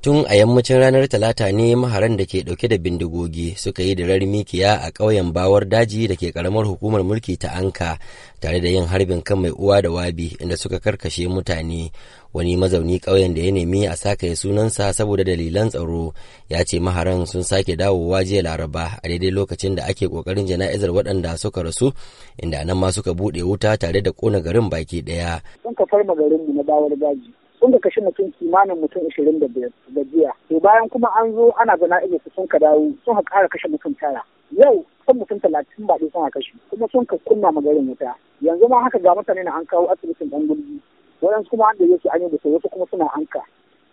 tun a yammacin ranar talata ne maharan da ke dauke da bindigogi suka yi da mikiya a ƙauyen bawar daji da ke karamar hukumar mulki ta anka tare da yin harbin kan mai uwa da wabi inda suka karkashe mutane wani mazauni ƙauyen da ya nemi a ya sunansa saboda dalilan tsaro ya ce maharan sun sake dawowa jiya laraba a daidai lokacin da ake ƙoƙarin jana'izar waɗanda suka rasu inda nan ma suka buɗe wuta tare da ƙona garin baki ɗaya. sun kafar garinmu na bawar daji sun ka kashe mutum kimanin mutum ishirin da biyar da jiya to bayan kuma an zo ana jana'iza su sun ka dawo sun ka kara kashe mutum tara yau kan mutum talatin ba sun ka kashe kuma sun ka kunna magarin wuta yanzu ma haka ga mutane na an kawo asibitin dan gulbi waɗansu kuma an da su an yi da wasu kuma suna anka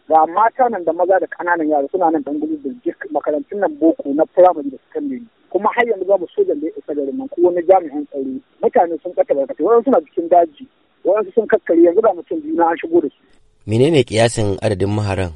ga mata nan da maza da ƙananan yara suna nan ɗan gulbi da duk makarantun nan boko na firamare da sakandare kuma har yanzu babu sojan da ya isa garin nan ko wani jami'an tsaro mutane sun ɓata barkatai waɗansu suna cikin daji waɗansu sun kakkari yanzu da mutum biyu na an shigo da su menene kiyasin adadin maharan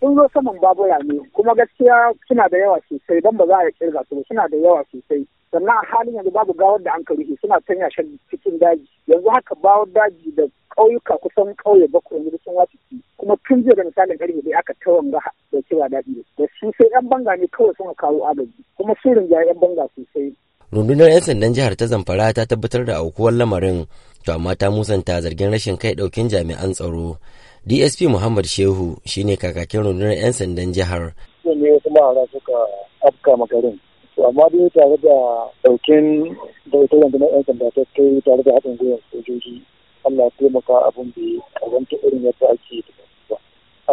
sun zo saman babu ne kuma gaskiya suna da yawa sosai don ba za a kirga su ba suna da yawa sosai sannan a halin yanzu babu gawar da an rufe suna tanya shan cikin daji yanzu haka bawar daji da ƙauyuka kusan ƙauye bakwai yanzu sun wasu kuma tun jiya da misalin ƙarfe dai aka tawan ga da cewa daɗi da su sai yan banga ne kawai suna kawo agaji kuma su rinjaye yan banga sosai rundunar 'yan sandan jihar ta zamfara ta tabbatar da aukuwar lamarin to amma ta musanta zargin rashin kai ɗaukin jami'an tsaro dsp muhammad shehu shine kakakin rundunar 'yan sandan jihar ne wasu mahara suka to amma dai tare da ɗaukin da ita rundunar 'yan sanda ta kai tare da haɗin gwiwar sojoji allah taimaka abin bai karanta irin yadda ake ba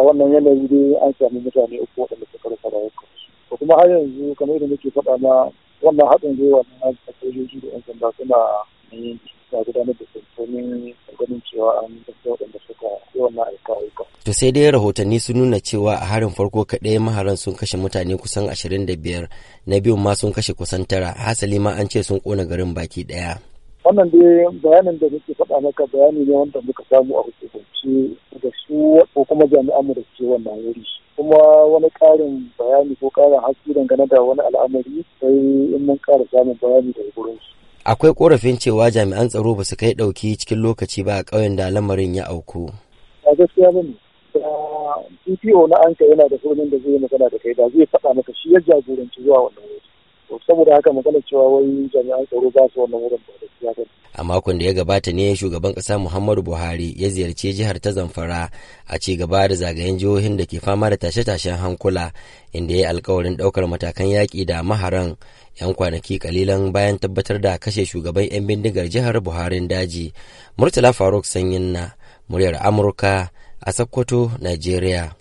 a wannan yanayi dai an sami mutane uku waɗanda suka rasa ko kuma har yanzu kamar yadda muke faɗa ma wannan haɗin gwiwa na sojoji da 'yan sanda suna na gudanar da domin ganin cewa an tafiya waɗanda suka yi wannan aika-aika. To sai dai rahotanni sun nuna cewa a harin farko kaɗai maharan sun kashe mutane kusan ashirin da biyar na biyun ma sun kashe kusan tara hasali ma an ce sun ƙona garin baki ɗaya. wannan dai bayanin da muke faɗa maka bayani ne wanda muka samu a hukumance da su ko kuma jami'an mu da ke wannan wuri kuma wani ƙarin bayani ko ƙarin haske dangane da wani al'amari sai in mun ƙara samun bayani da gurin su akwai korafin cewa jami'an tsaro ba su kai ɗauki cikin lokaci ba a ƙauyen da lamarin ya auku a gaskiya ba ne da na anka yana da hurumin da zai magana da kai da zai faɗa maka shi ya jagoranci zuwa wannan saboda haka magana cewa wai jami'an tsaro ba su wannan wurin ba gaskiya ba a makon da ya gabata ne shugaban kasa muhammadu buhari ya ziyarci jihar ta zamfara a ci gaba da zagayen jihohin da ke fama da tashe-tashen hankula inda ya yi alkawarin daukar matakan yaƙi da maharan yan kwanaki kalilan bayan tabbatar da kashe shugaban yan bindigar jihar buharin daji murtala faruk sanyin na muryar amurka a sokoto nigeria